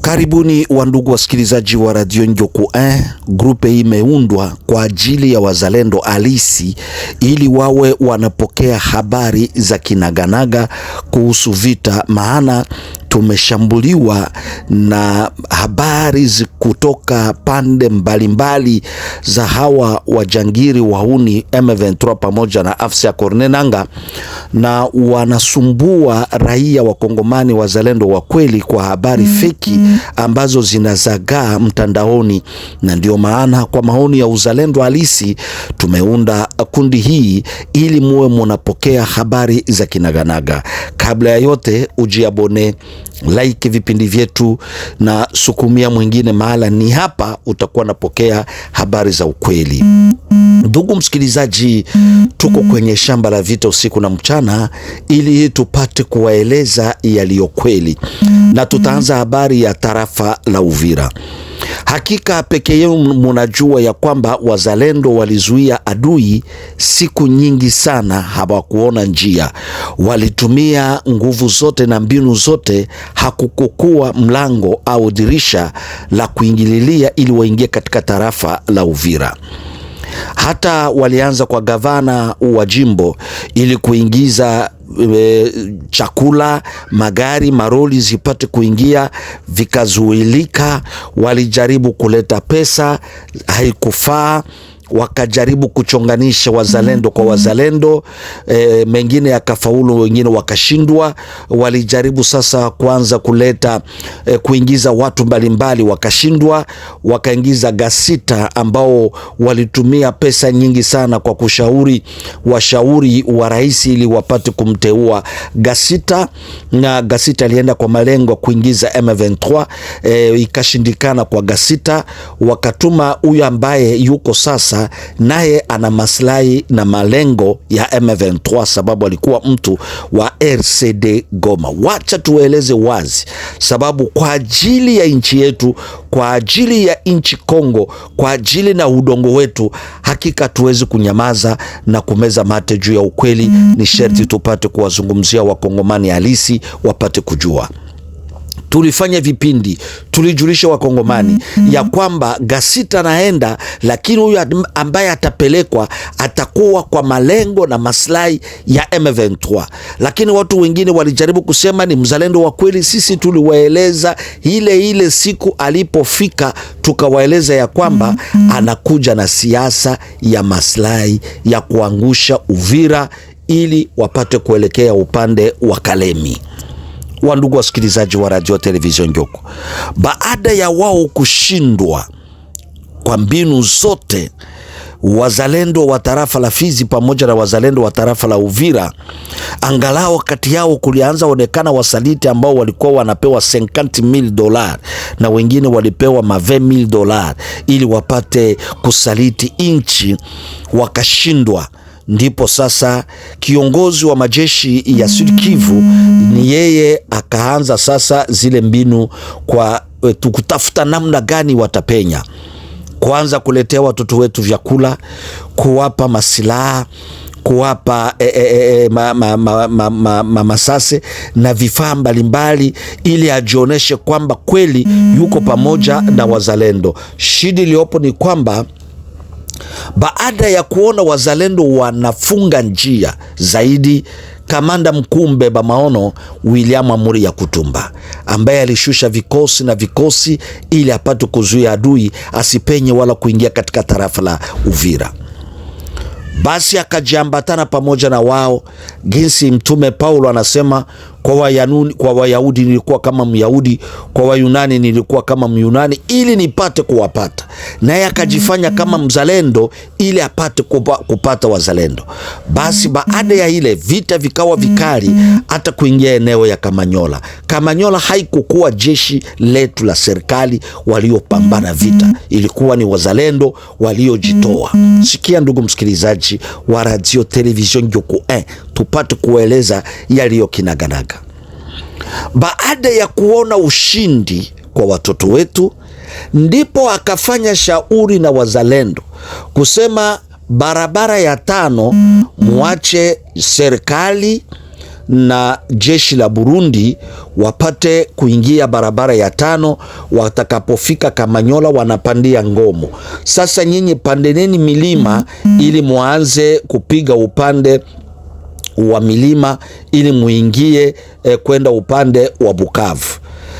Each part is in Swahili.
Karibuni wandugu wasikilizaji wa Radio Njoku Eh, Grupe hii imeundwa kwa ajili ya wazalendo halisi ili wawe wanapokea habari za kinaganaga kuhusu vita, maana tumeshambuliwa na habari kutoka pande mbalimbali mbali za hawa wajangiri wahuni M23 pamoja na afsa Corne Nanga, na wanasumbua raia wakongomani wazalendo wa kweli kwa habari mm, feki mm ambazo zinazagaa mtandaoni, na ndio maana kwa maoni ya uzalendo halisi tumeunda kundi hii ili muwe munapokea habari za kinaganaga. Kabla ya yote ujiabone like vipindi vyetu na sukumia mwingine mahala, ni hapa utakuwa napokea habari za ukweli. Ndugu msikilizaji, tuko kwenye shamba la vita usiku na mchana, ili tupate kuwaeleza yaliyo kweli, na tutaanza habari ya tarafa la Uvira. Hakika pekee yenu munajua ya kwamba wazalendo walizuia adui siku nyingi sana, hawakuona njia, walitumia nguvu zote na mbinu zote, hakukokuwa mlango au dirisha la kuingililia ili waingie katika tarafa la Uvira. Hata walianza kwa gavana wa jimbo ili kuingiza e, chakula, magari, maroli zipate kuingia, vikazuilika. Walijaribu kuleta pesa, haikufaa wakajaribu kuchonganisha wazalendo kwa wazalendo e, mengine yakafaulu, wengine wakashindwa. Walijaribu sasa kuanza kuleta e, kuingiza watu mbalimbali wakashindwa. Wakaingiza Gasita ambao walitumia pesa nyingi sana kwa kushauri washauri wa rais ili wapate kumteua Gasita, na Gasita alienda kwa malengo kuingiza M23 e, ikashindikana kwa Gasita, wakatuma huyu ambaye yuko sasa sasa naye ana maslahi na malengo ya M23, sababu alikuwa mtu wa RCD Goma. Wacha tueleze wazi sababu, kwa ajili ya nchi yetu, kwa ajili ya nchi Kongo, kwa ajili na udongo wetu, hakika tuwezi kunyamaza na kumeza mate juu ya ukweli. Ni sherti tupate kuwazungumzia wakongomani halisi wapate kujua tulifanya vipindi, tulijulisha Wakongomani mm -hmm. ya kwamba Gasita anaenda, lakini huyu ambaye atapelekwa atakuwa kwa malengo na maslahi ya M23. Lakini watu wengine walijaribu kusema ni mzalendo wa kweli. Sisi tuliwaeleza ile ile siku alipofika, tukawaeleza ya kwamba mm -hmm. anakuja na siasa ya maslahi ya kuangusha Uvira ili wapate kuelekea upande wa Kalemi wa ndugu wasikilizaji wa radio television Ngyoku, baada ya wao kushindwa kwa mbinu zote, wazalendo wa tarafa la Fizi pamoja na wazalendo wa tarafa la Uvira, angalau kati yao kulianza onekana wasaliti ambao walikuwa wanapewa 50000 dola na wengine walipewa ma20000 dola ili wapate kusaliti inchi, wakashindwa ndipo sasa kiongozi wa majeshi ya Sud Kivu ni yeye akaanza sasa zile mbinu kwa eh, kutafuta namna gani watapenya, kuanza kuletea watoto wetu vyakula, kuwapa masilaha kuwapa e, e, e, ma, ma, ma, ma, ma, ma, masase na vifaa mbalimbali ili ajionyeshe kwamba kweli yuko pamoja na wazalendo. Shida iliyopo ni kwamba baada ya kuona wazalendo wanafunga njia zaidi, kamanda mkuu mbeba maono William Amuri ya kutumba ambaye alishusha vikosi na vikosi ili apate kuzuia adui asipenye wala kuingia katika tarafa la Uvira. Basi akajiambatana pamoja na wao, jinsi Mtume Paulo anasema kwa Wayanuni, kwa Wayahudi nilikuwa kama Myahudi, kwa Wayunani nilikuwa kama Myunani ili nipate kuwapata. Naye akajifanya mhm. kama mzalendo ili apate kupa, kupata wazalendo. Basi baada ya ile vita vikawa mhm. vikali hata kuingia eneo ya Kamanyola. Kamanyola haikukuwa jeshi letu la serikali waliopambana mhm. vita, ilikuwa ni wazalendo waliojitoa. Sikia ndugu msikilizaji wa radio television Ngyoku 1 tupate kueleza yaliyo kinaganaga. Baada ya kuona ushindi kwa watoto wetu, ndipo akafanya shauri na wazalendo kusema, barabara ya tano mwache serikali na jeshi la Burundi wapate kuingia barabara ya tano. Watakapofika Kamanyola wanapandia Ngomo. Sasa nyinyi pandeneni milima ili mwanze kupiga upande wa milima ili muingie eh, kwenda upande wa Bukavu.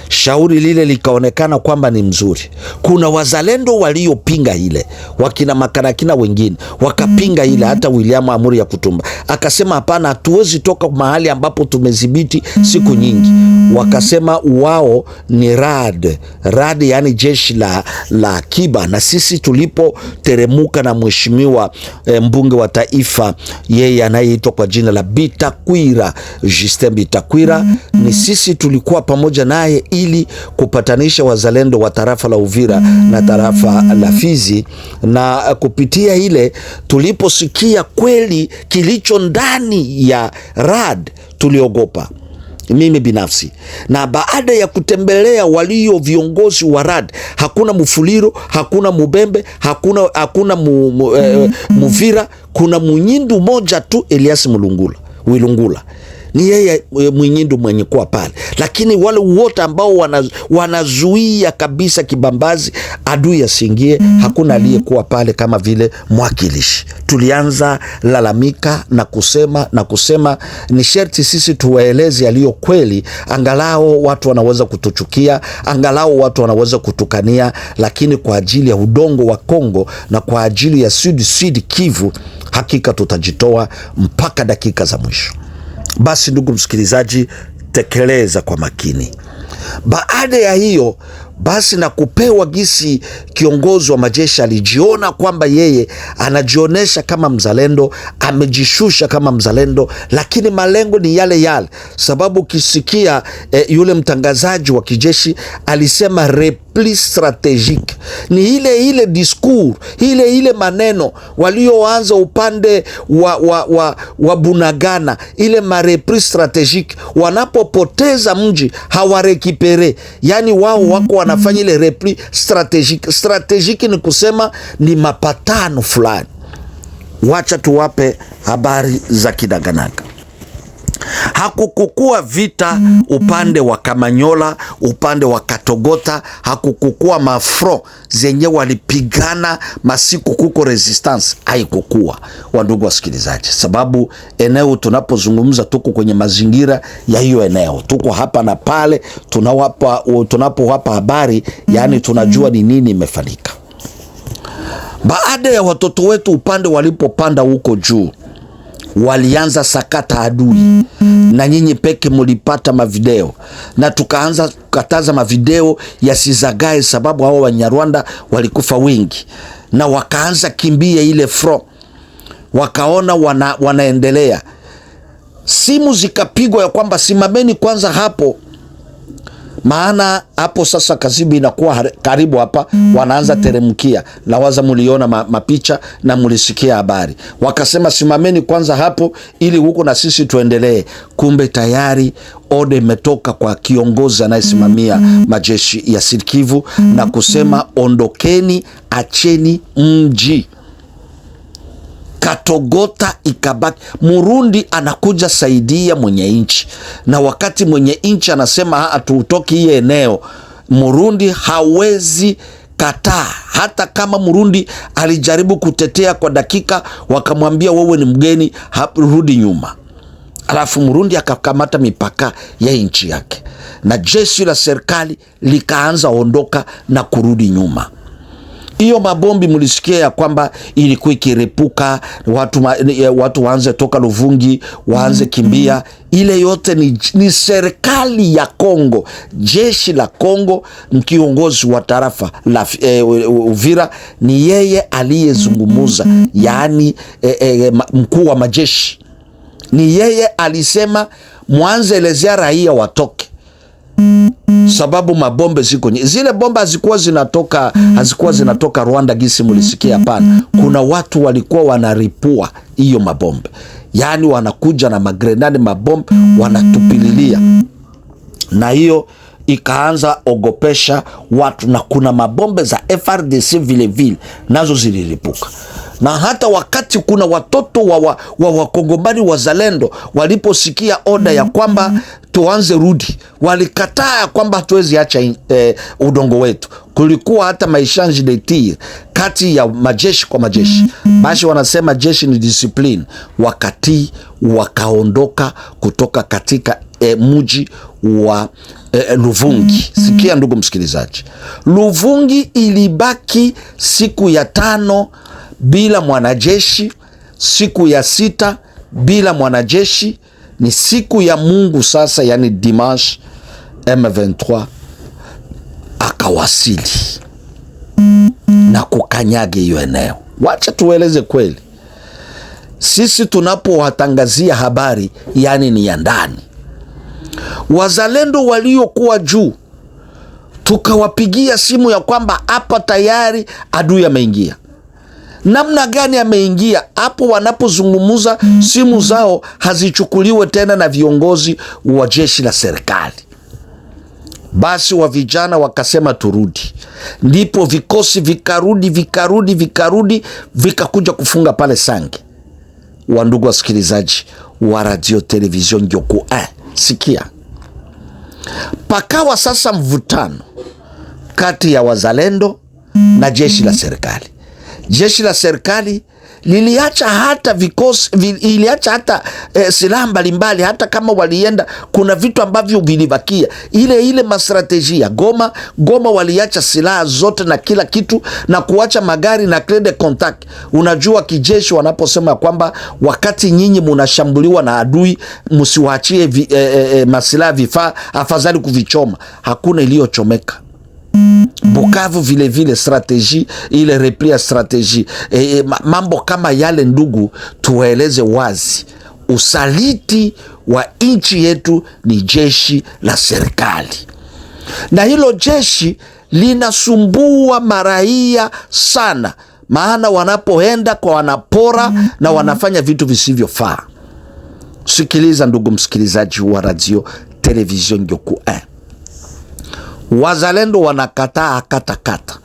Shauri lile likaonekana kwamba ni mzuri. Kuna wazalendo waliopinga ile, wakina makarakina wengine wakapinga mm -hmm. ile mhm. hata William Amuri ya Kutumba akasema hapana, hatuwezi toka mahali ambapo tumedhibiti siku mhm. nyingi. Wakasema wao ni rad rad, yaani jeshi la, la akiba, na sisi tulipoteremuka na mheshimiwa eh, mbunge wa taifa yeye anayeitwa kwa jina la Bitakwira Justin Bitakwira mm -hmm. ni sisi tulikuwa pamoja naye ili kupatanisha wazalendo wa tarafa la Uvira mm. na tarafa la mm. Fizi, na uh, kupitia ile tuliposikia kweli kilicho ndani ya RAD tuliogopa mimi binafsi na baada ya kutembelea walio viongozi wa RAD, hakuna Mufuliro, hakuna Mubembe, hakuna, hakuna mu, mu, mm -hmm. eh, mm-hmm. Muvira, kuna Munyindu moja tu Elias Mulungula Wilungula ni yeye eh, mwinyindu ndo mwenye kuwa pale, lakini wale wote ambao wanazuia kabisa kibambazi adui asiingie mm -hmm. Hakuna mhm. aliyekuwa pale kama vile mwakilishi. Tulianza lalamika na kusema na kusema, ni sherti sisi tuwaeleze yaliyo kweli, angalau watu wanaweza kutuchukia, angalau watu wanaweza kutukania, lakini kwa ajili ya udongo wa Kongo na kwa ajili ya Sud Sud Kivu, hakika tutajitoa mpaka dakika za mwisho. Basi ndugu msikilizaji, tekeleza kwa makini. Baada ya hiyo basi na kupewa gisi, kiongozi wa majeshi alijiona kwamba yeye anajionyesha kama mzalendo, amejishusha kama mzalendo, lakini malengo ni yale yale, sababu ukisikia eh, yule mtangazaji wa kijeshi alisema rep plus strategique. Ni ile ile discours, ile ile maneno walioanza upande wa, wa, wa, wa Bunagana, ile marepris strategique. Wanapopoteza mji hawarekipere, yani wao mhm, wako wanafanya mhm. ile repli strategique. Strategique ni kusema ni mapatano fulani. Wacha tuwape habari za kinaganaga Hakukukua vita upande wa Kamanyola, upande wa Katogota, hakukukua mafro zenye walipigana masiku, kuko resistance haikukua, wandugu wasikilizaji, sababu eneo tunapozungumza tuko kwenye mazingira ya hiyo eneo, tuko hapa na pale, tunawapa tunapowapa habari, yani tunajua ni nini imefanyika baada ya watoto wetu upande walipopanda huko juu walianza sakata adui, na nyinyi peke mulipata mavideo, na tukaanza kukataza mavideo yasizagae, sababu hao Wanyarwanda walikufa wingi, na wakaanza kimbia ile fro, wakaona wana, wanaendelea simu zikapigwa ya kwamba simameni kwanza hapo maana hapo sasa Kazibu inakuwa karibu hapa, wanaanza mhm. teremkia. Lawaza muliona ma, mapicha na mulisikia habari, wakasema simameni kwanza hapo ili huko na sisi tuendelee. Kumbe tayari ode imetoka kwa kiongozi anayesimamia mhm. Mhm. majeshi ya sirikivu na kusema ondokeni, acheni mji katogota ikabaki. Murundi anakuja saidia mwenye nchi, na wakati mwenye nchi anasema hatutoki hii eneo, Murundi hawezi kataa. Hata kama Murundi alijaribu kutetea kwa dakika, wakamwambia wewe ni mgeni, rudi nyuma. Alafu Murundi akakamata mipaka ya nchi yake na jeshi la serikali likaanza ondoka na kurudi nyuma hiyo mabombi mlisikia ya kwamba ilikuwa ikirepuka, watu, watu waanze toka Luvungi waanze mm -hmm. kimbia. Ile yote ni, ni serikali ya Kongo, jeshi la Kongo, mkiongozi wa tarafa la eh, Uvira ni yeye aliyezungumuza mm -hmm. yaani eh, eh, mkuu wa majeshi ni yeye alisema, mwanze elezea raia watoke sababu mabombe ziko nyingi. Zile bomba hazikuwa zinatoka, hazikuwa zinatoka Rwanda gisi mlisikia? Hapana, kuna watu walikuwa wanaripua hiyo mabombe, yaani wanakuja na magrenadi mabombe wanatupililia na hiyo ikaanza ogopesha watu, na kuna mabombe za FRDC vile nazo zililipuka, na hata wakati kuna watoto wa wakongomani wa wazalendo waliposikia oda ya kwamba mhm. tuanze rudi, walikataa kwamba hatuwezi acha eh, udongo wetu. Kulikuwa hata maishanji de tir kati ya majeshi kwa majeshi, mhm. basi wanasema jeshi ni discipline, wakati wakaondoka kutoka katika e, eh, mji wa e, Luvungi. Mm-hmm. Sikia ndugu msikilizaji, Luvungi ilibaki siku ya tano bila mwanajeshi, siku ya sita bila mwanajeshi. Ni siku ya Mungu sasa, yani dimanche, M23 akawasili na kukanyaga hiyo eneo. Wacha tueleze kweli, sisi tunapowatangazia habari yani ni ya ndani wazalendo waliokuwa juu tukawapigia simu ya kwamba hapa tayari adui ameingia. Namna gani ameingia? Hapo wanapozungumza simu zao hazichukuliwe tena na viongozi wa jeshi la serikali. Basi wa vijana wakasema turudi, ndipo vikosi vikarudi vikarudi vikarudi vikakuja kufunga pale Sange. Wandugu wasikilizaji wa radio televizion Ngyoku, eh, sikia Pakawa sasa mvutano kati ya wazalendo na jeshi la serikali. Jeshi la serikali liliacha hata vikosi, iliacha hata e, silaha mbalimbali. Hata kama walienda, kuna vitu ambavyo vilibakia, ile ile mastrateji ya Goma. Goma waliacha silaha zote na kila kitu na kuacha magari na crede contact. Unajua kijeshi wanaposema kwamba wakati nyinyi munashambuliwa na adui, msiwaachie vi, e, e, masilaha vifaa, afadhali kuvichoma. Hakuna iliyochomeka. Bukavu vile vile strateji ile ya strateji e, mambo kama yale ndugu, tuwaeleze wazi usaliti wa nchi yetu ni jeshi la serikali, na hilo jeshi linasumbua maraia sana, maana wanapoenda kwa wanapora mm -hmm. na wanafanya vitu visivyofaa. Sikiliza ndugu msikilizaji wa radio television Ngyoku 1 Wazalendo wanakataa katakata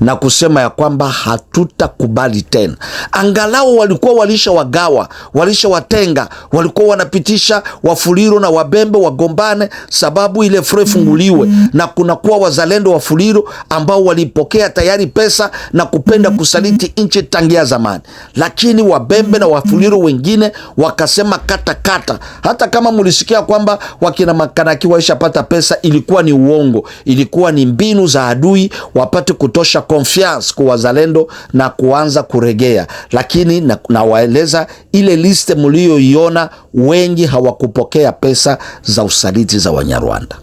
na kusema ya kwamba hatutakubali tena. Angalau walikuwa walisha wagawa, walisha watenga, walikuwa wanapitisha Wafuliro na Wabembe wagombane, sababu ile FURA ifunguliwe mm -hmm. na kunakuwa wazalendo wa Fuliro ambao walipokea tayari pesa na kupenda mm -hmm. kusaliti nchi tangia zamani, lakini Wabembe na Wafuliro wengine wakasema kata kata. Hata kama mulisikia kwamba wakina Makanaki walishapata pesa, ilikuwa ni uongo, ilikuwa ni mbinu za adui wapate kutosha kurudisha confiance kwa wazalendo na kuanza kuregea, lakini nawaeleza na ile liste mlioiona, wengi hawakupokea pesa za usaliti za Wanyarwanda.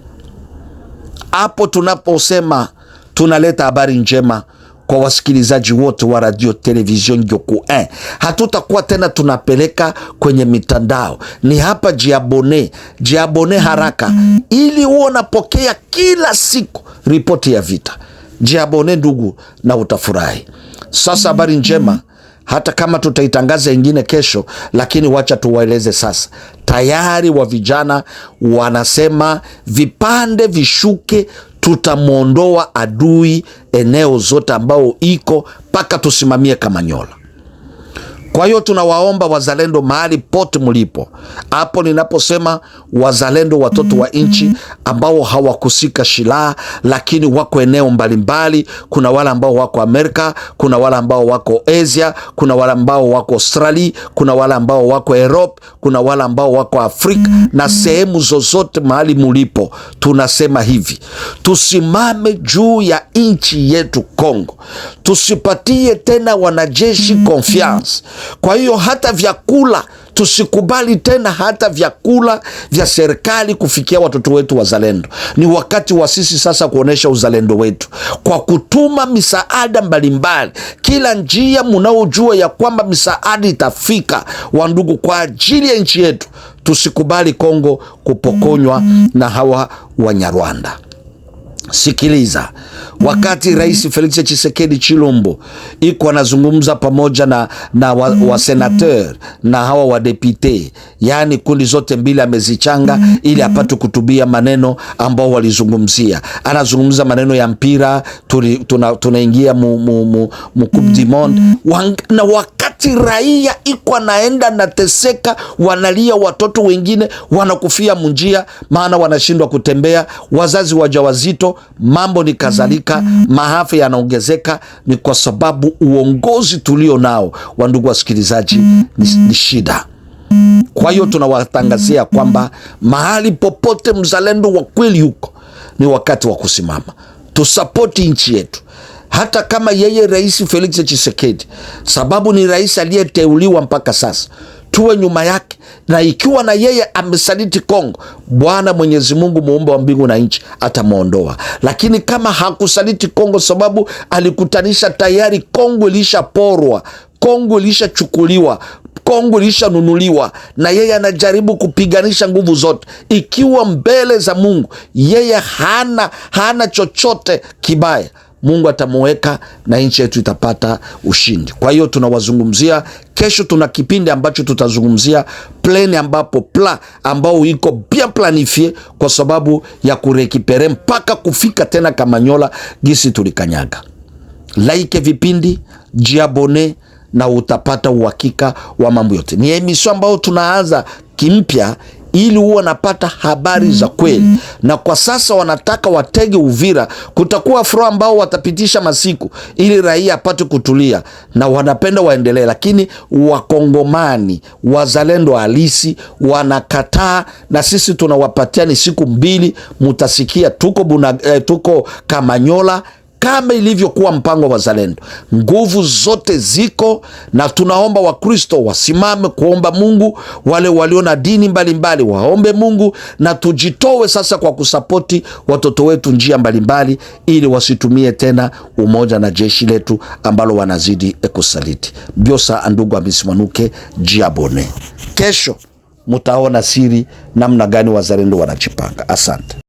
Hapo tunaposema tunaleta habari njema kwa wasikilizaji wote wa radio television Ngyoku 1, hatutakuwa tena tunapeleka kwenye mitandao, ni hapa jiabone, jiabone haraka, mm-hmm. ili uwe unapokea kila siku ripoti ya vita jiabone ndugu, na utafurahi. Sasa habari njema, hata kama tutaitangaza ingine kesho, lakini wacha tuwaeleze sasa. Tayari wa vijana wanasema vipande vishuke, tutamwondoa adui eneo zote ambao iko mpaka tusimamie Kamanyola. Kwa hiyo tunawaomba wazalendo mahali pote mlipo, hapo ninaposema wazalendo, watoto wa nchi mm-hmm. ambao hawakusika silaha, lakini wako eneo mbalimbali. Kuna wale ambao wako Amerika, kuna wale ambao wako Asia, kuna wale ambao wako Australia, kuna wale ambao wako Europe, kuna wale ambao wako Afrika mm-hmm. na sehemu zozote mahali mulipo, tunasema hivi, tusimame juu ya nchi yetu Kongo, tusipatie tena wanajeshi mm-hmm. confiance. Kwa hiyo hata vyakula tusikubali tena hata vyakula vya serikali kufikia watoto wetu wazalendo. Ni wakati wa sisi sasa kuonyesha uzalendo wetu kwa kutuma misaada mbalimbali, kila njia munaojua ya kwamba misaada itafika, wandugu, kwa ajili ya nchi yetu. Tusikubali Kongo kupokonywa na hawa Wanyarwanda. Sikiliza, wakati mhm. Rais Felix Chisekedi Chilombo iko anazungumza pamoja na, na wa, mhm. wa senateur na hawa wadepute, yaani kundi zote mbili amezichanga mhm. ili apate kutubia maneno ambao walizungumzia. Anazungumza maneno ya mpira, tunaingia tuna mu, mu, mu, mu coupe du monde na wakati wakati raia iko anaenda nateseka, wanalia, watoto wengine wanakufia munjia, maana wanashindwa kutembea, wazazi wajawazito, mambo ni kadhalika mm-hmm. Maafa yanaongezeka, ni kwa sababu uongozi tulio nao, wandugu wasikilizaji, ni, mm-hmm. ni shida kwa hiyo mm-hmm. tunawatangazia kwamba mahali popote mzalendo wa kweli huko, ni wakati wa kusimama tusapoti nchi yetu hata kama yeye Rais Felix Tshisekedi, sababu ni rais aliyeteuliwa mpaka sasa, tuwe nyuma yake, na ikiwa na yeye amesaliti Kongo, Bwana Mwenyezi Mungu muumba wa mbingu na nchi atamwondoa. Lakini kama hakusaliti Kongo, sababu alikutanisha tayari, Kongo ilishaporwa, Kongo ilishachukuliwa Kongo ilishanunuliwa na yeye anajaribu kupiganisha nguvu zote, ikiwa mbele za Mungu yeye hana, hana chochote kibaya. Mungu atamuweka na nchi yetu itapata ushindi. Kwa hiyo tunawazungumzia kesho, tuna kipindi ambacho tutazungumzia pleni ambapo pla ambao iko bien planifie kwa sababu ya kurekipere mpaka kufika tena Kamanyola gisi tulikanyaga. Like vipindi jiabone na utapata uhakika wa mambo yote. Ni emisio ambayo tunaanza kimpya ili huwa wanapata habari za mm-hmm. kweli, na kwa sasa wanataka watege Uvira. Kutakuwa furaha ambao watapitisha masiku ili raia apate kutulia, na wanapenda waendelee, lakini Wakongomani wazalendo halisi wanakataa, na sisi tunawapatia ni siku mbili, mutasikia tuko, buna, eh, tuko Kamanyola kama ilivyokuwa mpango wa wazalendo. Nguvu zote ziko na tunaomba Wakristo wasimame kuomba Mungu, wale walio na dini mbalimbali mbali, waombe Mungu na tujitowe sasa kwa kusapoti watoto wetu njia mbalimbali mbali, ili wasitumie tena umoja na jeshi letu ambalo wanazidi kusaliti. biosa andugu amisimanuke jiabone, kesho mutaona siri namna gani wazalendo wanajipanga. Asante.